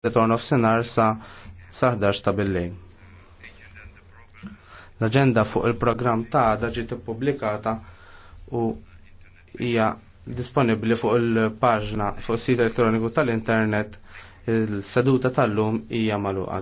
return of senar sa 11 ta' billejn. L-agenda fuq il-programm ta' għada ġiet ippubblikata u hija disponibbli fuq il-paġna fuq sit elettroniku tal-internet il-seduta tal-lum hija magħluqa.